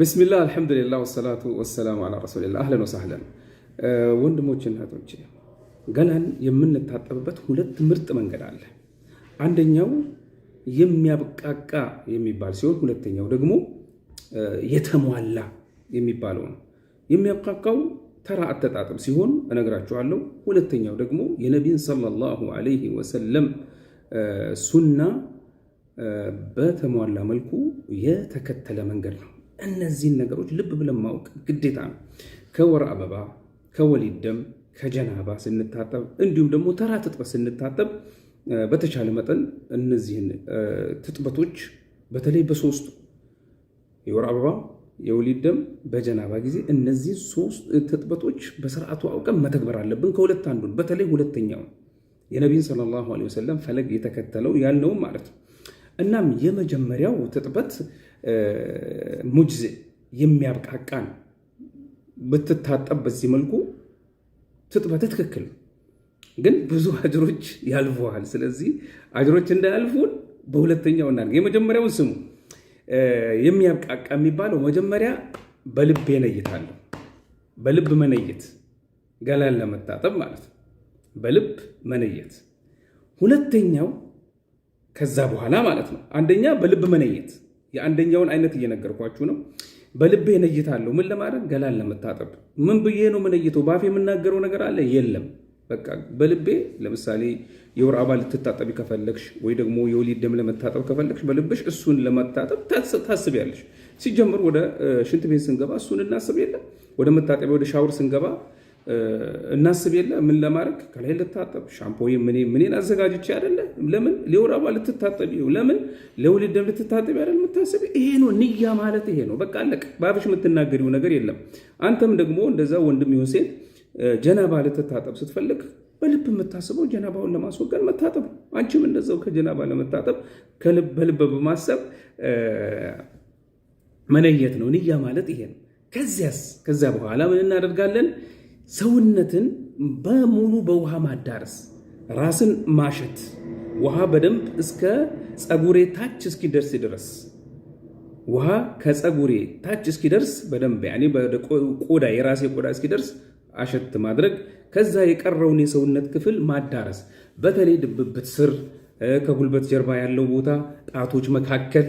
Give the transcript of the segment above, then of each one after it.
ብስሚላ አልሐምዱሊላ ወሰላቱ ወሰላሙ አላ ረሱሊላ አህለን ወሳህለን። ወንድሞች እናቶች፣ ገላን የምንታጠብበት ሁለት ምርጥ መንገድ አለ። አንደኛው የሚያብቃቃ የሚባል ሲሆን ሁለተኛው ደግሞ የተሟላ የሚባለው ነው። የሚያብቃቃው ተራ አተጣጥብ ሲሆን እነግራችኋለሁ። ሁለተኛው ደግሞ የነቢን ሰለላሁ አለይህ ወሰለም ሱና በተሟላ መልኩ የተከተለ መንገድ ነው። እነዚህን ነገሮች ልብ ብለን ማወቅ ግዴታ ነው። ከወር አበባ፣ ከወሊድ ደም፣ ከጀናባ ስንታጠብ እንዲሁም ደግሞ ተራ ትጥበት ስንታጠብ በተቻለ መጠን እነዚህን ትጥበቶች በተለይ በሶስቱ የወር አበባ፣ የወሊድ ደም፣ በጀናባ ጊዜ እነዚህን ሶስት ትጥበቶች በስርዓቱ አውቀን መተግበር አለብን። ከሁለት አንዱን በተለይ ሁለተኛውን የነቢይን ሰለላሁ ዐለይሂ ወሰለም ፈለግ የተከተለው ያልነውም ማለት ነው። እናም የመጀመሪያው ትጥበት ሙጅዜ የሚያብቃቃ ነው። ብትታጠብ በዚህ መልኩ ትጥበ ትክክል ግን ብዙ አጅሮች ያልፉሃል። ስለዚህ አጅሮች እንዳያልፉን በሁለተኛው እናድርግ። የመጀመሪያውን ስሙ የሚያብቃቃ የሚባለው መጀመሪያ በልብ የነይታለሁ በልብ መነየት ገላን ለመታጠብ ማለት ነው። በልብ መነየት ሁለተኛው ከዛ በኋላ ማለት ነው። አንደኛ በልብ መነየት የአንደኛውን አይነት እየነገርኳችሁ ነው። በልቤ ነይታለሁ። ምን ለማድረግ ገላን ለመታጠብ ምን ብዬ ነው ምንይተው በአፌ የምናገረው ነገር አለ የለም። በቃ በልቤ ለምሳሌ የወር አበባ ልትታጠቢ ከፈለግሽ ወይ ደግሞ የወሊድ ደም ለመታጠብ ከፈለግሽ በልብሽ እሱን ለመታጠብ ታስቢያለሽ። ሲጀምር ወደ ሽንት ቤት ስንገባ እሱን እናስብ የለም። ወደ መታጠቢያ ወደ ሻውር ስንገባ እናስብ የለ ምን ለማድረግ ከላይ ልታጠብ ሻምፖ ምን ምንን አዘጋጅቼ አደለ ለምን ለወር አበባ ልትታጠብ ለምን ለወሊድ ደም ልትታጠብ አይደል? የምታስብ ይሄ ነው። ንያ ማለት ይሄ ነው። በቃ አለቅ። ባፍሽ የምትናገሪው ነገር የለም። አንተም ደግሞ እንደዛ ወንድም ይሁን ሴት ጀናባ ልትታጠብ ስትፈልግ በልብ የምታስበው ጀናባውን ለማስወገድ መታጠብ አንቺም እንደዛው ከጀናባ ለመታጠብ በልብ በማሰብ መነየት ነው። ንያ ማለት ይሄ ነው። ከዚያስ ከዚያ በኋላ ምን እናደርጋለን? ሰውነትን በሙሉ በውሃ ማዳረስ፣ ራስን ማሸት፣ ውሃ በደንብ እስከ ፀጉሬ ታች እስኪደርስ ድረስ ውሃ ከፀጉሬ ታች እስኪደርስ በደንብ ቆዳ የራሴ ቆዳ እስኪደርስ አሸት ማድረግ፣ ከዛ የቀረውን የሰውነት ክፍል ማዳረስ። በተለይ ድብብት ስር፣ ከጉልበት ጀርባ ያለው ቦታ፣ ጣቶች መካከል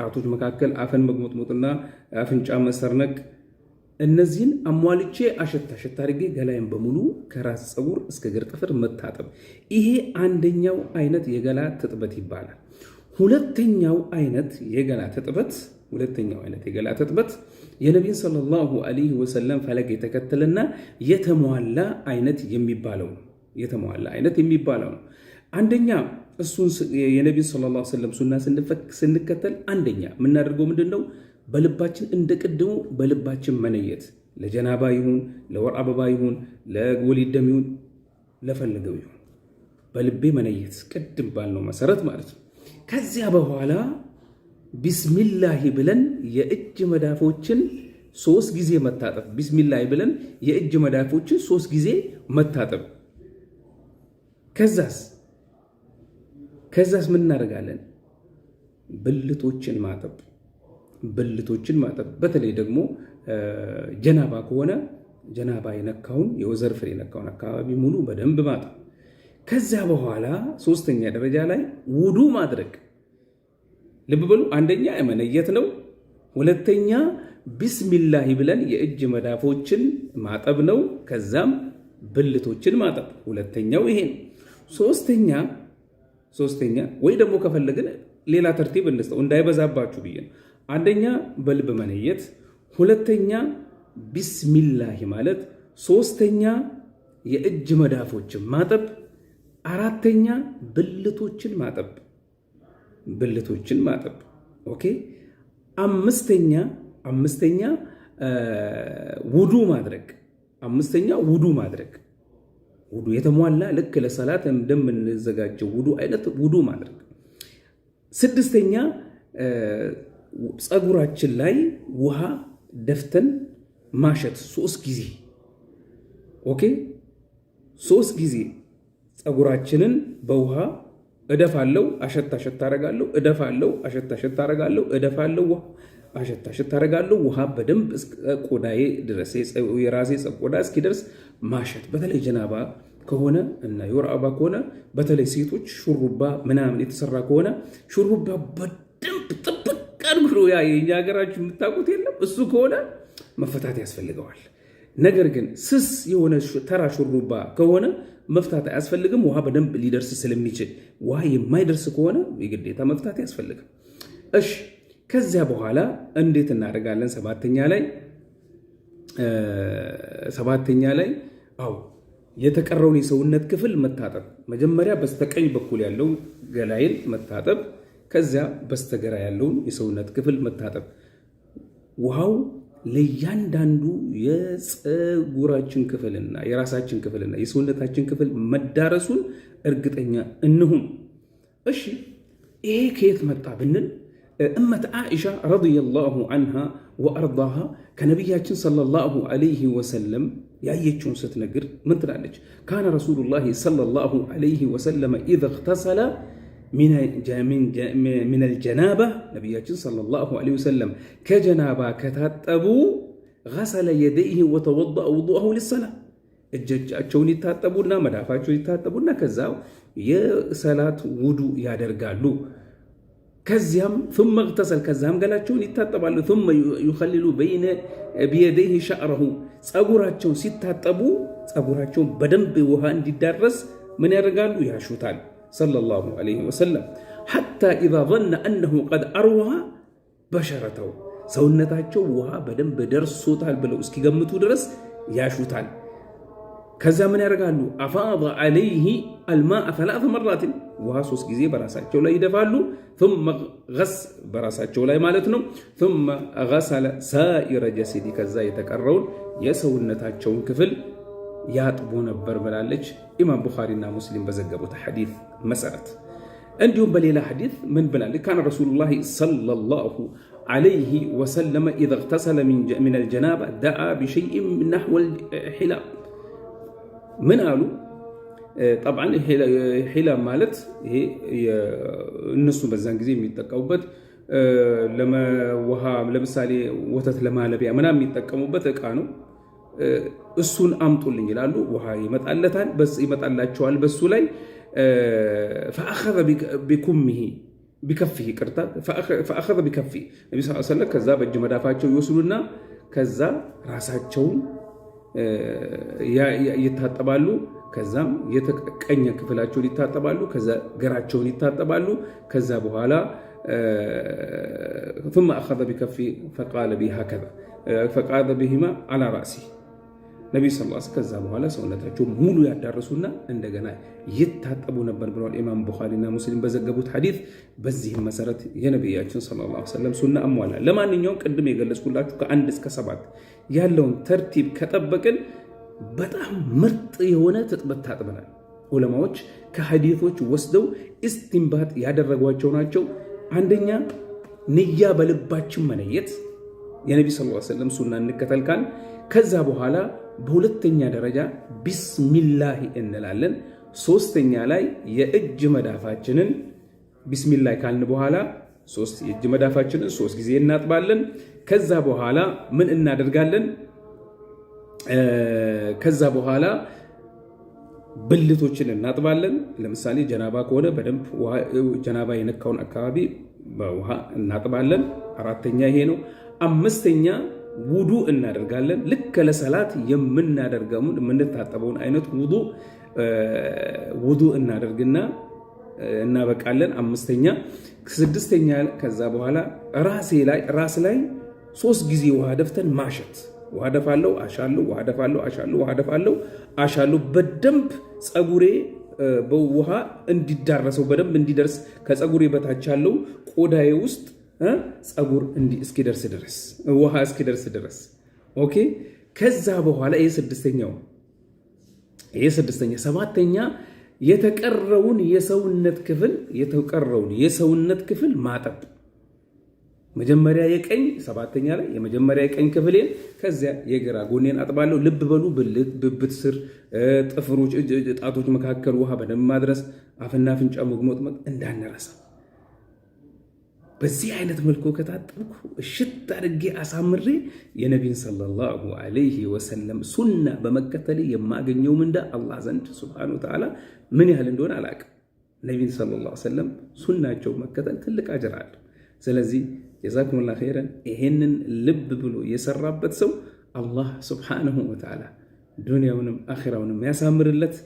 ጣቶች መካከል አፈን መግሞጥሞጥና አፍንጫ መሰርነቅ እነዚህን አሟልቼ አሸት አሸት አድርጌ ገላይን በሙሉ ከራስ ፀጉር እስከ ግር ጥፍር መታጠብ። ይሄ አንደኛው አይነት የገላ ትጥበት ይባላል። ሁለተኛው አይነት የገላ ትጥበት ሁለተኛው አይነት የገላ ትጥበት የነቢይን ሰለላሁ ዐለይሂ ወሰለም ፈለግ የተከተለና የተሟላ አይነት የሚባለው ነው። የተሟላ አይነት የሚባለው ነው። አንደኛ እሱን የነቢይን ሰለላሁ ዐለይሂ ሱና ስንከተል አንደኛ የምናደርገው ምንድን ነው? በልባችን እንደ ቅድሙ በልባችን መነየት ለጀናባ ይሁን ለወር አበባ ይሁን ለወሊድ ደም ይሁን ለፈለገው ይሁን በልቤ መነየት ቅድም ባልነው መሰረት ማለት ነው። ከዚያ በኋላ ቢስሚላሂ ብለን የእጅ መዳፎችን ሶስት ጊዜ መታጠብ። ቢስሚላሂ ብለን የእጅ መዳፎችን ሶስት ጊዜ መታጠብ። ከዛስ ከዛስ ምን እናደርጋለን? ብልቶችን ማጠብ ብልቶችን ማጠብ በተለይ ደግሞ ጀናባ ከሆነ ጀናባ የነካውን የወዘር ፍሬ የነካውን አካባቢ ሙሉ በደንብ ማጠብ። ከዚያ በኋላ ሶስተኛ ደረጃ ላይ ውዱ ማድረግ። ልብ በሉ፣ አንደኛ መነየት ነው። ሁለተኛ ቢስሚላሂ ብለን የእጅ መዳፎችን ማጠብ ነው። ከዛም ብልቶችን ማጠብ ሁለተኛው ይሄ ነው። ሶስተኛ ሶስተኛ ወይ ደግሞ ከፈለግን ሌላ ተርቲብ እንስጠው እንዳይበዛባችሁ ብዬ ነው። አንደኛ በልብ መነየት፣ ሁለተኛ ቢስሚላሂ ማለት፣ ሶስተኛ የእጅ መዳፎችን ማጠብ፣ አራተኛ ብልቶችን ማጠብ ብልቶችን ማጠብ። ኦኬ። አምስተኛ አምስተኛ ውዱ ማድረግ አምስተኛ ውዱ ማድረግ ውዱ የተሟላ ልክ ለሰላት እንደምንዘጋጀው ውዱ አይነት ውዱ ማድረግ ስድስተኛ ፀጉራችን ላይ ውሃ ደፍተን ማሸት ሶስት ጊዜ ኦኬ፣ ሶስት ጊዜ ፀጉራችንን በውሃ እደፋለሁ፣ አሸት አሸት አረጋለሁ፣ እደፋለሁ፣ አሸት አሸት አረጋለሁ፣ እደፋለሁ፣ አሸታ ሸት አረጋለሁ። ውሃ በደንብ ቆዳዬ ድረስ የራሴ ቆዳ እስኪደርስ ማሸት። በተለይ ጀናባ ከሆነ እና የወር አበባ ከሆነ በተለይ ሴቶች ሹሩባ ምናምን የተሰራ ከሆነ ሹሩባ በደንብ ጨርቅ ያ የእኛ ሀገራችሁ የምታውቁት የለም። እሱ ከሆነ መፈታት ያስፈልገዋል። ነገር ግን ስስ የሆነ ተራ ሹሩባ ከሆነ መፍታት አያስፈልግም። ውሃ በደንብ ሊደርስ ስለሚችል ውሃ የማይደርስ ከሆነ የግዴታ መፍታት ያስፈልግም። እሺ፣ ከዚያ በኋላ እንዴት እናደርጋለን? ሰባተኛ ላይ ሰባተኛ ላይ አው የተቀረውን የሰውነት ክፍል መታጠብ፣ መጀመሪያ በስተቀኝ በኩል ያለው ገላይን መታጠብ ከዚያ በስተግራ ያለውን የሰውነት ክፍል መታጠብ። ውሃው ለእያንዳንዱ የፀጉራችን ክፍልና የራሳችን ክፍልና የሰውነታችን ክፍል መዳረሱን እርግጠኛ እንሁን። እሺ ይሄ ከየት መጣ ብንል እመት አኢሻ ረዲየላሁ አንሃ ወአርዳሃ ከነቢያችን ሰለላሁ አለይህ ወሰለም ያየችውን ስትነግር ምን ትላለች? ካነ ረሱሉላሂ ሰለላሁ አለይህ ወሰለመ ኢዘ እኽተሰለ من من من الجنابة نبي صلى الله عليه وسلم كجنابة كتاتبو غسل يديه وتوضأ وضوءه للصلاة الجج أتشوني تاتبونا مدافع أتشوني تاتبونا كزاو يا صلاة ودو يا درجالو كزيام ثم اغتسل كزام قال أتشوني تاتبالو ثم يخلل بين بيديه شعره سأقول أتشون ست تاتبو سأقول أتشون بدن بوهان دي درس من يرجالو يا شو تالو ሰለላሁ ዐለይሂ ወሰለም ሐታ ኢዛ ظነ አነሁ ቀድ አርወሃ በሸረተው ሰውነታቸው ውሃ በደንብ ደርሶታል ብለው እስኪገምቱ ድረስ ያሹታል። ከዛ ምን ያደርጋሉ? አፋደ ዐለይሂ አልማአ ሰላሰ መራትን ውሃ ሶስት ጊዜ በራሳቸው ላይ ይደፋሉ። ثم በራሳቸው ላይ ማለት ነው። ثم غسل سائر جسدي ከዛ የተቀረውን የሰውነታቸውን ክፍል ያጥቡ ነበር ብላለች። ኢማም ቡኻሪና ሙስሊም በዘገቡት ሐዲት መሰረት እንዲሁም በሌላ ሐዲት ምን ብላለች? ካነ ረሱሉላሂ ሰለላሁ ዐለይሂ ወሰለመ ኢዘ እግተሰለ ሚነል ጀናባ ደአ ቢሸይኢን ናሕወል ሒላብ። ምን አሉ? ጠብዓን ሒላብ ማለት ይሄ እነሱ በዛን ጊዜ የሚጠቀሙበት ለመውሃ ለምሳሌ ወተት ለማለቢያ ምናምን የሚጠቀሙበት እቃ ነው። እሱን አምጡልኝ ይላሉ። ውሃ ይመጣለታል፣ ይመጣላቸዋል። በሱ ላይ ፈአኸዘ ቢኩምሂ ቢከፍሂ ይቅርታ፣ ፈአኸዘ ቢከፍ ነቢ ስ ሰለም ከዛ በእጅ መዳፋቸው ይወስዱና ከዛ ራሳቸውን ይታጠባሉ። ከዛም የተቀኘ ክፍላቸውን ይታጠባሉ። ከዛ ግራቸውን ይታጠባሉ። ከዛ በኋላ ثم أخذ بكفي فقال بي هكذا فقال بهما على رأسه ስ ላ ከዛ በኋላ ሰውነታቸው ሙሉ ያዳረሱና እንደገና ይታጠቡ ነበር ብለዋል ኢማም ቡኻሪና ሙስሊም በዘገቡት ሐዲት። በዚህም መሰረት የነቢያችን ሰለላሁ ሱና አሟላ። ለማንኛውም ቅድም የገለጽኩላችሁ ከአንድ እስከ ሰባት ያለውን ተርቲብ ከጠበቅን በጣም ምርጥ የሆነ ትጥበት ታጥበናል። ዑለማዎች ከሐዲቶች ወስደው ኢስቲንባጥ ያደረጓቸው ናቸው። አንደኛ ንያ በልባችን መነየት፣ የነቢ ስ ዐለይሂ ሱና እንከተልካል ከዛ በኋላ በሁለተኛ ደረጃ ቢስሚላህ እንላለን። ሶስተኛ ላይ የእጅ መዳፋችንን ቢስሚላህ ካልን በኋላ ሶስት የእጅ መዳፋችንን ሶስት ጊዜ እናጥባለን። ከዛ በኋላ ምን እናደርጋለን? ከዛ በኋላ ብልቶችን እናጥባለን። ለምሳሌ ጀናባ ከሆነ በደንብ ጀናባ የነካውን አካባቢ በውሃ እናጥባለን። አራተኛ ይሄ ነው። አምስተኛ ውዱ እናደርጋለን። ልክ ለሰላት የምናደርገውን የምንታጠበውን አይነት ውዱ ውዱ እናደርግና እናበቃለን። አምስተኛ ስድስተኛ ከዛ በኋላ ራሴ ላይ ራስ ላይ ሶስት ጊዜ ውሃ ደፍተን ማሸት ውሃ ደፋለሁ፣ አሻለሁ፣ ውሃ ደፋለሁ፣ አሻለሁ፣ ውሃ ደፋለሁ፣ አሻለሁ። በደንብ ፀጉሬ በውሃ እንዲዳረሰው በደንብ እንዲደርስ ከፀጉሬ በታች ያለው ቆዳዬ ውስጥ ጸጉር እንዲህ እስኪደርስ ድረስ ውሃ እስኪደርስ ድረስ ኦኬ። ከዛ በኋላ ይህ ስድስተኛው ይህ ስድስተኛ ሰባተኛ የተቀረውን የሰውነት ክፍል የተቀረውን የሰውነት ክፍል ማጠብ መጀመሪያ የቀኝ ሰባተኛ ላይ የመጀመሪያ የቀኝ ክፍሌን ከዚያ የግራ ጎኔን አጥባለሁ። ልብ በሉ ብልት፣ ብብት ስር፣ ጥፍሮች፣ ጣቶች መካከል ውሃ በደንብ ማድረስ፣ አፍና አፍንጫ መግሞጥ እንዳንረሳ በዚህ አይነት መልኩ ከታጠብኩ እሽት አድርጌ አሳምሬ የነቢን ሰለላሁ አለይህ ወሰለም ሱና በመከተል የማገኘው ምንዳ አላህ ዘንድ ሱብሓነሁ ወተዓላ ምን ያህል እንደሆነ አላቅም። ነቢን ሰለላሁ ዐለይሂ ሱናቸው መከተል ትልቅ አጅር አለ። ስለዚህ ጀዛኩሙላ ኸይረን። ይሄንን ልብ ብሎ የሰራበት ሰው አላህ ሱብሓነሁ ወተዓላ ዱንያውንም አኺራውንም ያሳምርለት።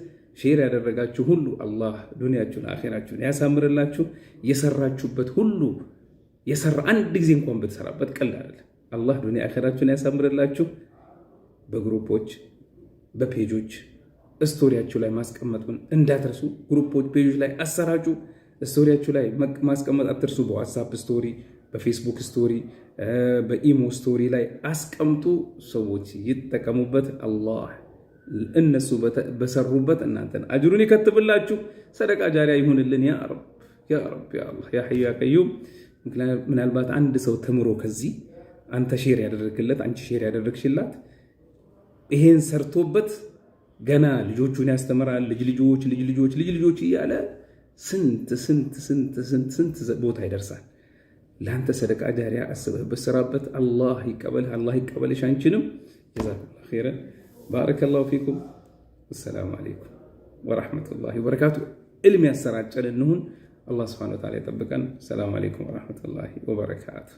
ሼር ያደረጋችሁ ሁሉ አላህ ዱንያችሁን አኺራችሁን ያሳምርላችሁ። የሰራችሁበት ሁሉ የሰራ አንድ ጊዜ እንኳን ብትሰራበት ቀልድ አይደለም። አላህ ዱኒያ አኸራችሁን ያሳምርላችሁ። በግሩፖች በፔጆች ስቶሪያችሁ ላይ ማስቀመጡን እንዳትርሱ ግሩፖች ፔጆች ላይ አሰራጩ። ስቶሪያችሁ ላይ ማስቀመጥ አትርሱ። በዋትሳፕ ስቶሪ፣ በፌስቡክ ስቶሪ፣ በኢሞ ስቶሪ ላይ አስቀምጡ። ሰዎች ይጠቀሙበት። አላህ እነሱ በሰሩበት እናንተን አጅሩን ይከትብላችሁ። ሰደቃ ጃሪያ ይሁንልን። ያ ረብ ያ ረብ ያ አላህ ያ ሐዩ ያ ቀዩም ምናልባት አንድ ሰው ተምሮ ከዚህ አንተ ሼር ያደረግለት አንቺ ሼር ያደረግሽላት ይሄን ሰርቶበት ገና ልጆቹን ያስተምራል። ልጅ ልጆች ልጅ ልጆች ልጅ ልጆች እያለ ስንት ስንት ስንት ስንት ስንት ቦታ ይደርሳል። ለአንተ ሰደቃ ጃሪያ አስበህበት ስራበት። አላህ ይቀበልህ፣ አላህ ይቀበልሽ አንቺንም። ጀዛኩሙላሁ ኸይረን። ባረከላሁ ፊኩም። አሰላሙ አለይኩም ወረሕመቱላሂ ወበረካቱ። ዕልም ያሰራጨን እንሁን። አላህ ስብሐነ ወተዓላ ይጠብቀን። ሰላም አለይኩም ወረሕመቱላሂ ወበረካቱ።